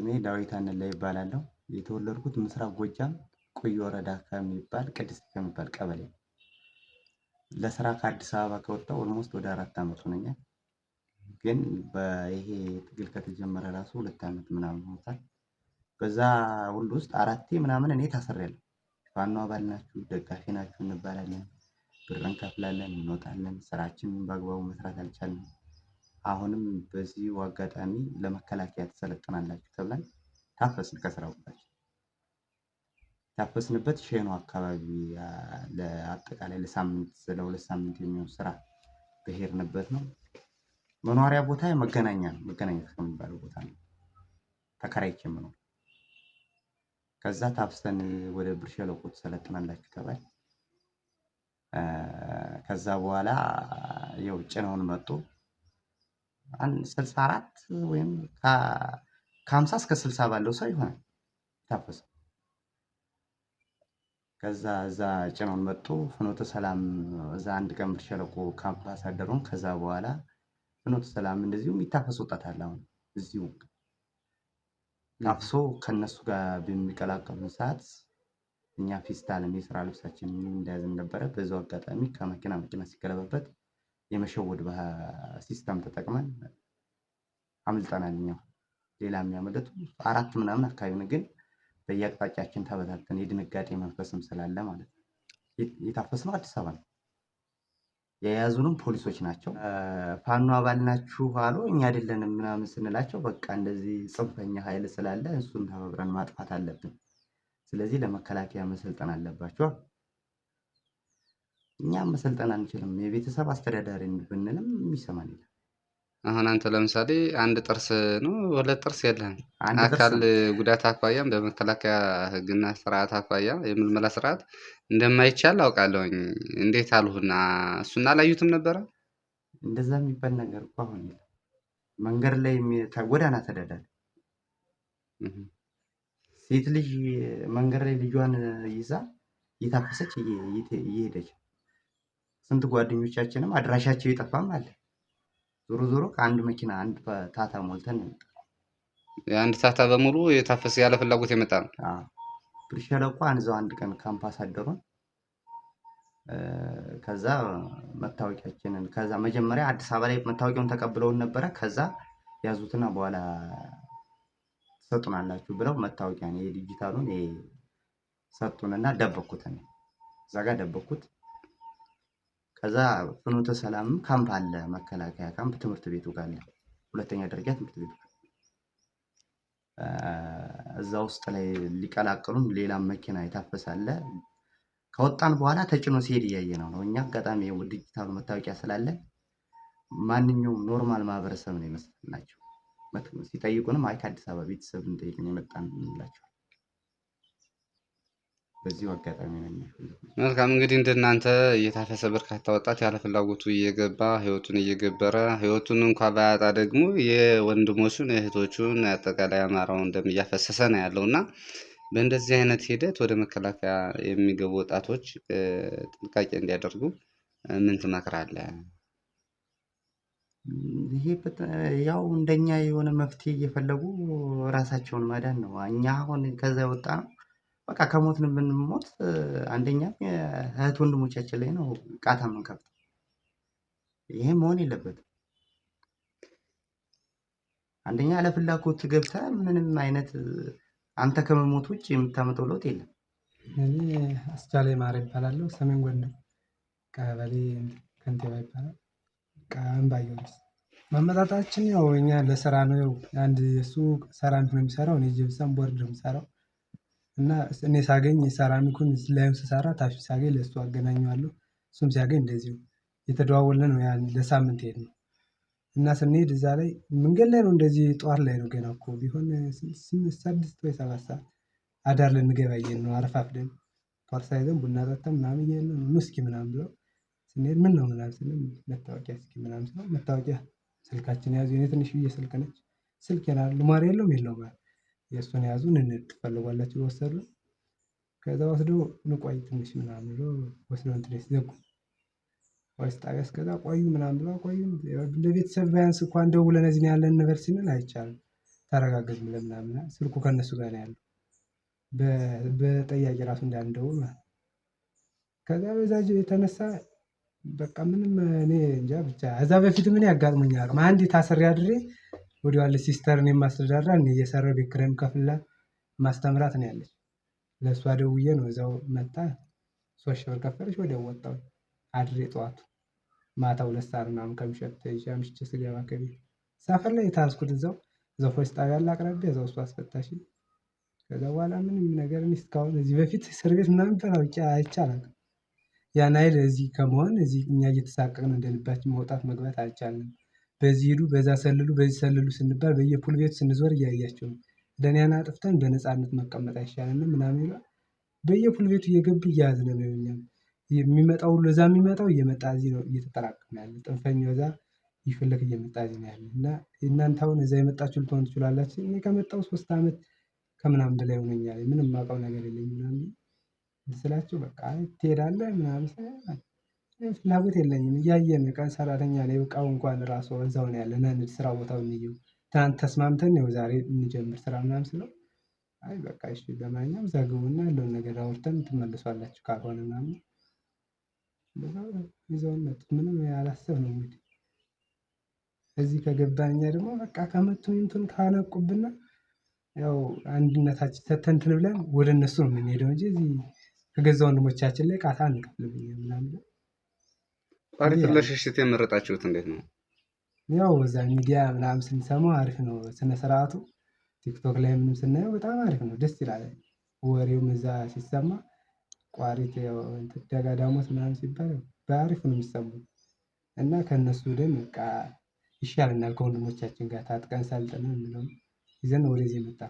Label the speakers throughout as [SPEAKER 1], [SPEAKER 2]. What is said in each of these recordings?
[SPEAKER 1] ስሜ ዳዊት አንላ ይባላለሁ። የተወለድኩት ምስራቅ ጎጃም ቆየ ወረዳ ከሚባል ቅድስት ከሚባል ቀበሌ ለስራ ከአዲስ አበባ ከወጣሁ ኦልሞስት ወደ አራት ዓመት ሆነኛል። ግን በይሄ ትግል ከተጀመረ ራሱ ሁለት ዓመት ምናምን ሆኖታል። በዛ ሁሉ ውስጥ አራቴ ምናምን እኔ ታስሬያለሁ። ፋኖ አባል ናችሁ፣ ደጋፊ ናችሁ እንባላለን፣ ብር እንከፍላለን፣ እንወጣለን። ስራችንን በአግባቡ መስራት አልቻልንም። አሁንም በዚሁ አጋጣሚ ለመከላከያ ትሰለጥናላችሁ ተብለን ታፈስን። ከስራ ታፈስንበት ሼኖ አካባቢ ለአጠቃላይ ለሳምንት ለሁለት ሳምንት የሚሆን ስራ በሄድንበት ነው። መኖሪያ ቦታ መገናኛ ነው፣ መገናኛ ከሚባለው ቦታ ነው ተከራይቼ የምኖር። ከዛ ታፍሰን ወደ ብር ሸለቆ ትሰለጥናላችሁ ተባል። ከዛ በኋላ ው ጭነውን መጡ። ስልሳ አራት ወይም ከሀምሳ እስከ ስልሳ ባለው ሰው ይሆናል ታፈሰ። ከዛ እዛ ጭነውን መጡ ፍኖተ ሰላም እዛ አንድ ቀን ከዛ በኋላ ፍኖተ ሰላም እንደዚሁም ይታፈስ ወጣታል። አሁን እዚሁ ታፍሶ ከእነሱ ጋር በሚቀላቀሉን ሰዓት እኛ ፌስታልም የስራ ልብሳችን ነበረ። በዛው አጋጣሚ ከመኪና መኪና ሲገለበበት የመሸወድ ሲስተም ተጠቅመን አምልጠናል። እኛው ሌላ የሚያመለጡ አራት ምናምን አካባቢ ግን በየአቅጣጫችን ተበታተን የድንጋጤ መንፈስም ስላለ ማለት ነው። የታፈስነው አዲስ አበባ ነው። የያዙንም ፖሊሶች ናቸው። ፋኖ አባል ናችሁ አሉ። እኛ አይደለንም ምናምን ስንላቸው በቃ እንደዚህ ጽንፈኛ ኃይል ስላለ እሱን ተባብረን ማጥፋት አለብን። ስለዚህ ለመከላከያ መሰልጠን አለባቸው። እኛ መሰልጠን አንችልም። የቤተሰብ አስተዳዳሪ ብንልም የሚሰማን የለም።
[SPEAKER 2] አሁን አንተ ለምሳሌ አንድ ጥርስ ነው ሁለት ጥርስ የለህም። አካል ጉዳት አኳያም በመከላከያ ሕግና ስርዓት አኳያ የምልመላ ስርዓት እንደማይቻል አውቃለሁኝ። እንዴት አልሁና እሱና አላዩትም ነበረ
[SPEAKER 1] እንደዛ የሚባል ነገር እኮ አሁን መንገድ ላይ ጎዳና ተዳዳሪ ሴት ልጅ መንገድ ላይ ልጇን ይዛ እየታፈሰች እየሄደች ስንት ጓደኞቻችንም አድራሻቸው ይጠፋም አለ። ዞሮ ዞሮ ከአንድ መኪና አንድ ታታ ሞልተን እንመጣ
[SPEAKER 2] አንድ ታታ በሙሉ የታፈሰ ያለ ፍላጎት የመጣ ነው።
[SPEAKER 1] ብር ሸለቆ አንዛው አንድ ቀን ካምፓስ አደሩን። ከዛ መታወቂያችንን ከዛ መጀመሪያ አዲስ አበባ ላይ መታወቂያውን ተቀብለውን ነበረ። ከዛ ያዙትና በኋላ ትሰጡናላችሁ ብለው መታወቂያ ዲጂታሉን ሰጡንና ደበኩትን እዛ ጋር ደበኩት። ከዛ ፍኖተ ሰላም ካምፕ አለ፣ መከላከያ ካምፕ ትምህርት ቤቱ ጋር ነው። ሁለተኛ ደረጃ ትምህርት ቤቱ ጋር እዛ ውስጥ ላይ ሊቀላቀሉን ሌላም መኪና የታፈሳለ። ከወጣን በኋላ ተጭኖ ሲሄድ እያየ ነው ነው። እኛ አጋጣሚ ዲጂታሉ መታወቂያ ስላለ ማንኛውም ኖርማል ማህበረሰብ ነው ይመስልናቸው። ሲጠይቁንም አይ ከአዲስ አበባ ቤተሰብ እንጠይቅ ነው የመጣን በዚሁ አጋጣሚ ነው።
[SPEAKER 2] መልካም እንግዲህ እንደናንተ እየታፈሰ በርካታ ወጣት ያለ ፍላጎቱ እየገባ ህይወቱን እየገበረ ህይወቱን እንኳ ባያጣ ደግሞ የወንድሞቹን እህቶቹን አጠቃላይ አማራውን ደም እያፈሰሰ ነው ያለው እና በእንደዚህ አይነት ሂደት ወደ መከላከያ የሚገቡ ወጣቶች ጥንቃቄ እንዲያደርጉ ምን ትመክራለህ?
[SPEAKER 1] ይሄ ያው እንደኛ የሆነ መፍትሄ እየፈለጉ ራሳቸውን ማዳን ነው። እኛ አሁን ከዛ የወጣ ነው በቃ ከሞትን ብንሞት አንደኛ እህት ወንድሞቻችን ላይ ነው ቃታ የምንከፍተው። ይሄ መሆን የለበትም። አንደኛ ለፍላጎት ገብተ ምንም አይነት አንተ ከመሞት ውጭ የምታመጠው ለውጥ የለም።
[SPEAKER 3] እኔ አስቻለ ማረ ይባላለሁ። ሰሜን ጎንደር ቀበሌ ከንቲባ ይባላል። ቀንባየ መመጣጣችን ያው እኛ ለስራ ነው። አንድ እሱ ሰራ ነው የሚሰራው፣ እኔ ጅብሰን ቦርድ ነው የሚሰራው እና እኔ ሳገኝ ሴራሚኩን ላይም ስሰራ ታች ሳገኝ ለእሱ አገናኘዋለሁ እሱም ሲያገኝ እንደዚሁ እየተደዋወልን ነው ያን ለሳምንት ሄድ ነው እና ስንሄድ እዛ ላይ መንገድ ላይ ነው እንደዚህ ጠዋት ላይ ነው ገና እኮ ቢሆን ስድስት ወይ ሰባት ሰዓት አዳር ልንገባ እየሄድን ነው አረፋፍደን ፓርሳ ይዘን ቡና ጠጥተን ምናምን እየሄድን ነው ኑ እስኪ ምናምን ብለው ስንሄድ ምን ነው ምናምን ስንል መታወቂያ እስኪ ምናምን ስለው መታወቂያ ስልካችን ያዙ የኔ ትንሽዬ ስልክ ነች ስልክ ልማር የለውም የለውም አለ የእሱን የያዙን እንድ ትፈልጓላችሁ ብሎ ወሰዱን። ከዛ ወስዶ ንቆይ ትንሽ ምናምን ብሎ ወስዶ ትንሽ ዘጉ። ፖሊስ ጣቢያ እስከዛ ቆዩ ምናምን ብሎ ቆዩ። ለቤተሰብ ቢያንስ እንኳን ደውለን እዚህ ነው ያለን ነበር ስንል አይቻልም። ተረጋገዝም ለምናምና ስልኩ ከእነሱ ጋር ነው ያለው በጠያቂ ራሱ እንዳንደውል ማለት ከዛ በዛ የተነሳ በቃ ምንም እኔ እንጃ ብቻ እዛ በፊት ምን ያጋጥሙኛል? አንድ ታስሬ አድሬ ወዲያው ሲስተርን የማስተዳድራ እኔ እየሰራሁ ቤት ኪራይም ከፍላት ማስተምራት ነው ያለች። ለእሷ ደውዬ ነው እዛው መጣ ሶስት ሺህ ብር ከፈለች ወደ ወጣው አድሬ ጠዋቱ ማታ ሁለት ሰዓት ምናምን ከምሸት ተይዤ አምሽቼ ስገባ ከቤት ሰፈር ላይ የታስኩት እዛው እዛው ፖሊስ ጣቢያ ላይ አቅራቢያ እዛው እሱ አስፈታሽ። ከዛ በኋላ ምንም ነገር እኔ እስካሁን እዚህ በፊት እስር ቤት ምናምን ተላውቂ አይቻላል ያን አይል እዚህ ከመሆን እዚህ እኛ እየተሳቀቅን እንደልባችን መውጣት መግባት አልቻልንም። በዚህ ሂዱ፣ በዛ ሰልሉ፣ በዚህ ሰልሉ ስንባል በየፑል ቤቱ ስንዞር እያያቸው ነው። ደህናን አጥፍተን በነፃነት መቀመጥ አይሻልም ምናምን ይላል። በየፑል ቤቱ እየገቡ እያያዝን ነው ይሆኛል። የሚመጣው ሁሉ እዛ የሚመጣው እየመጣ እዚህ ነው እየተጠራቀመ ያለ። ጥንፈኛው እዛ ይፈለግ እየመጣ እዚህ ነው ያለ እና እናንተ አሁን እዛ የመጣችሁ ልትሆን ትችላላችሁ። እኔ ከመጣው ሶስት ዓመት ከምናምን በላይ ሆነኛል። ምንም የማውቀው ነገር የለኝ ምናምን ስላቸው በቃ ትሄዳለህ ምናምን ፍላጎት የለኝም። እያየን ቀን ሰራተኛ ላይ እቃው እንኳን ራሱ እዛው ነው ያለ ና ስራ ቦታው እንየው ትናንት ተስማምተን ነው ዛሬ እንጀምር ስራ ምናምን ስለው አይ በቃ እሺ ለማንኛውም እዛ ግቡና ያለውን ነገር አውርተን ትመልሷላችሁ ካልሆነ ምናምን ይዘውን መጡ። ምንም ነው እንግዲህ እዚህ ከገባኛ ደግሞ በቃ ከመጡ እንትን ካነቁብና ያው አንድነታችን ተተንትን ብለን ወደ እነሱ ነው የምንሄደው እንጂ እዚህ ከገዛ ወንድሞቻችን ላይ ቃታ አንቀብልም ምናምን
[SPEAKER 2] አሪፍ ለሽሽት የመረጣችሁት እንዴት ነው?
[SPEAKER 3] ያው እዛ ሚዲያ ምናምን ስንሰማው አሪፍ ነው ስነ ስርዓቱ። ቲክቶክ ላይ ምንም ስናየው በጣም አሪፍ ነው፣ ደስ ይላል። ወሬውም እዛ ሲሰማ ቋሪት ደጋ ዳሞት ምናምን ሲባል በአሪፍ ነው የሚሰሙት እና ከእነሱ ደም በቃ ይሻለናል ከወንድሞቻችን ጋር ታጥቀን ሰልጥነን የሚለው ይዘን ወደዚህ መጣ።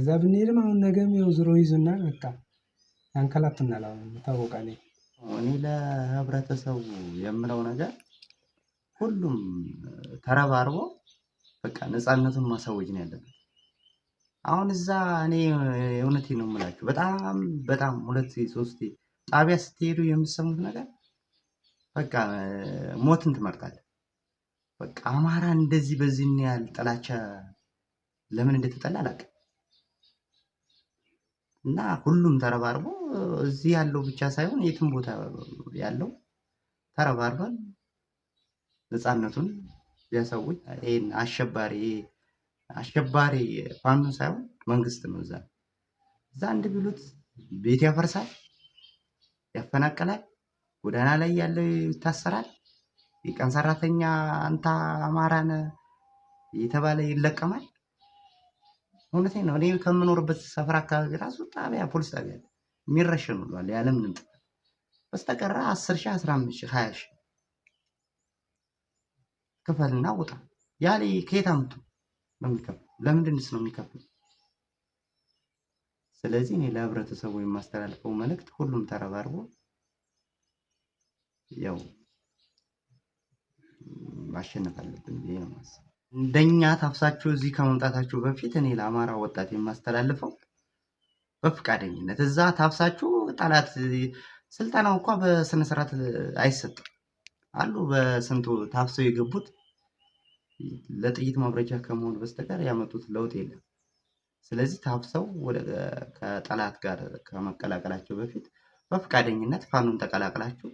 [SPEAKER 3] እዛ ብንሄድም አሁን ነገም ያው ዝሮ ይዙናል። በቃ ያንከላቱናል። አሁን ታወቃ
[SPEAKER 1] እኔ ለህብረተሰቡ የምለው ነገር ሁሉም ተረባርቦ በቃ ነፃነቱን ማሳወጅ ነው ያለበት። አሁን እዛ እኔ እውነቴ ነው የምላችሁ፣ በጣም በጣም ሁለት ሶስት ጣቢያ ስትሄዱ የምትሰሙት ነገር በቃ ሞትን ትመርጣለ። በቃ አማራ እንደዚህ በዚህ ያህል ጥላቻ ለምን እንደተጠላ አላውቅም። እና ሁሉም ተረባርቦ እዚህ ያለው ብቻ ሳይሆን የትም ቦታ ያለው ተረባርቧል። ነፃነቱን ሊያሳውጅ ይህን አሸባሪ አሸባሪ ፋኖ ሳይሆን መንግስት ነው። እዛ እዛ አንድ ቢሉት ቤት ያፈርሳል፣ ያፈናቅላል፣ ጎዳና ላይ ያለው ይታሰራል፣ የቀን ሰራተኛ አንተ አማራነ የተባለ ይለቀማል። እውነቴ ነው። እኔ ከምኖርበት ሰፈር አካባቢ ራሱ ጣቢያ ፖሊስ ጣቢያ የሚረሸኑ ብሏል። ያለምንም ጥፋት በስተቀረ አስር ሺ አስራ አምስት ሺህ ሀያ ሺህ ክፈልና ውጣ ያሌ ከየት አምጡ ነው ለምንድንስ ነው የሚከፍል? ስለዚህ እኔ ለህብረተሰቡ የማስተላልፈው መልእክት ሁሉም ተረባርቦ ያው ማሸነፍ አለብን ብዬ ነው ማሰብ እንደኛ ታፍሳችሁ እዚህ ከመምጣታችሁ በፊት እኔ ለአማራ ወጣት የማስተላልፈው በፈቃደኝነት እዛ ታፍሳችሁ ጠላት ስልጠናው እኳ በስነስርዓት አይሰጥም አሉ። በስንቱ ታፍሰው የገቡት ለጥይት ማብረጃ ከመሆን በስተቀር ያመጡት ለውጥ የለም። ስለዚህ ታፍሰው ከጠላት ጋር ከመቀላቀላቸው በፊት በፈቃደኝነት ፋኑን ተቀላቅላችሁ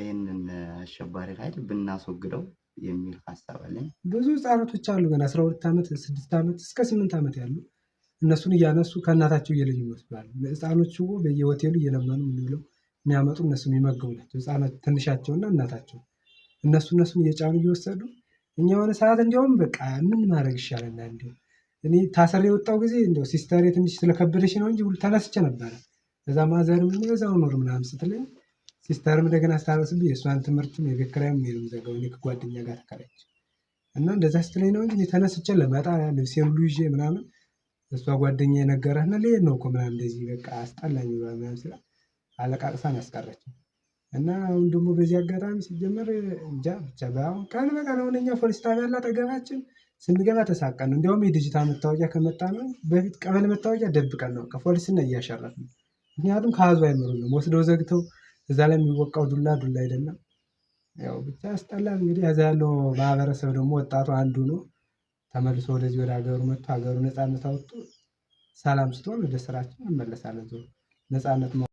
[SPEAKER 1] ይህንን አሸባሪ ኃይል ብናስወግደው የሚል ሀሳብ አለኝ።
[SPEAKER 3] ብዙ ህጻናቶች አሉ ገና አስራ ሁለት ዓመት ስድስት ዓመት እስከ ስምንት ዓመት ያሉ እነሱን እያነሱ ከእናታቸው እየለዩ ይወስዳሉ። ህፃኖቹ በየሆቴሉ እየለመኑ የምንውለው የሚያመጡ እነሱ የሚመገቡ ናቸው። ህጻናት ትንሻቸውና እናታቸው እነሱ እነሱን እየጫኑ እየወሰዱ እኛ የሆነ ሰዓት እንዲያውም በቃ ምን ማድረግ ይሻለና እንዲሁ እኔ ታሰር የወጣው ጊዜ እንደው ሲስተሬ ትንሽ ስለከበደች ነው እንጂ ሁሉ ተነስቼ ነበረ እዛ ማዘርም እዛው ኖር ምናምን ስትለኝ ሲስተርም እንደገና ስታበስብኝ የእሷን ትምህርትም የቤት ኪራይም የለም ዘጋው። እኔ ከጓደኛ ጋር ተከራይቼ እና እንደዛ ስትለኝ ነው እንጂ ተነስቼ ልመጣ ልብሴን ሁሉ ይዤ ምናምን እሷ ጓደኛ የነገረህ ነው ልሄድ ነው እኮ ምናምን እንደዚህ በቃ አስጠላኝ ብሏል ምናምን ስላ አለቃቅሳን አስቀረችኝ። እና አሁን ደግሞ በዚህ አጋጣሚ ሲጀመር እንጃ ብቻ በአሁን ቀን በቀን አሁን እኛ ፖሊስ ጣቢያ አጠገባችን ስንገባ ተሳቀን ነው። እንዲያውም የዲጂታል መታወቂያ ከመጣ ነው በፊት ቀበሌ መታወቂያ ደብቀን ነው ከፖሊስና እያሸረፍን ምክንያቱም ከአዙ ነው ወስደው ዘግተው እዛ ላይ የሚወቃው ዱላ ዱላ አይደለም። ያው ብቻ ያስጠላል። እንግዲህ እዛ ያለው ማህበረሰብ ደግሞ ወጣቱ አንዱ ነው። ተመልሶ ወደዚህ ወደ ሀገሩ መጥቶ ሀገሩ ነፃነት አውጥቶ ሰላም ስትሆን ወደ ስራችን እንመለሳለን። ነፃነት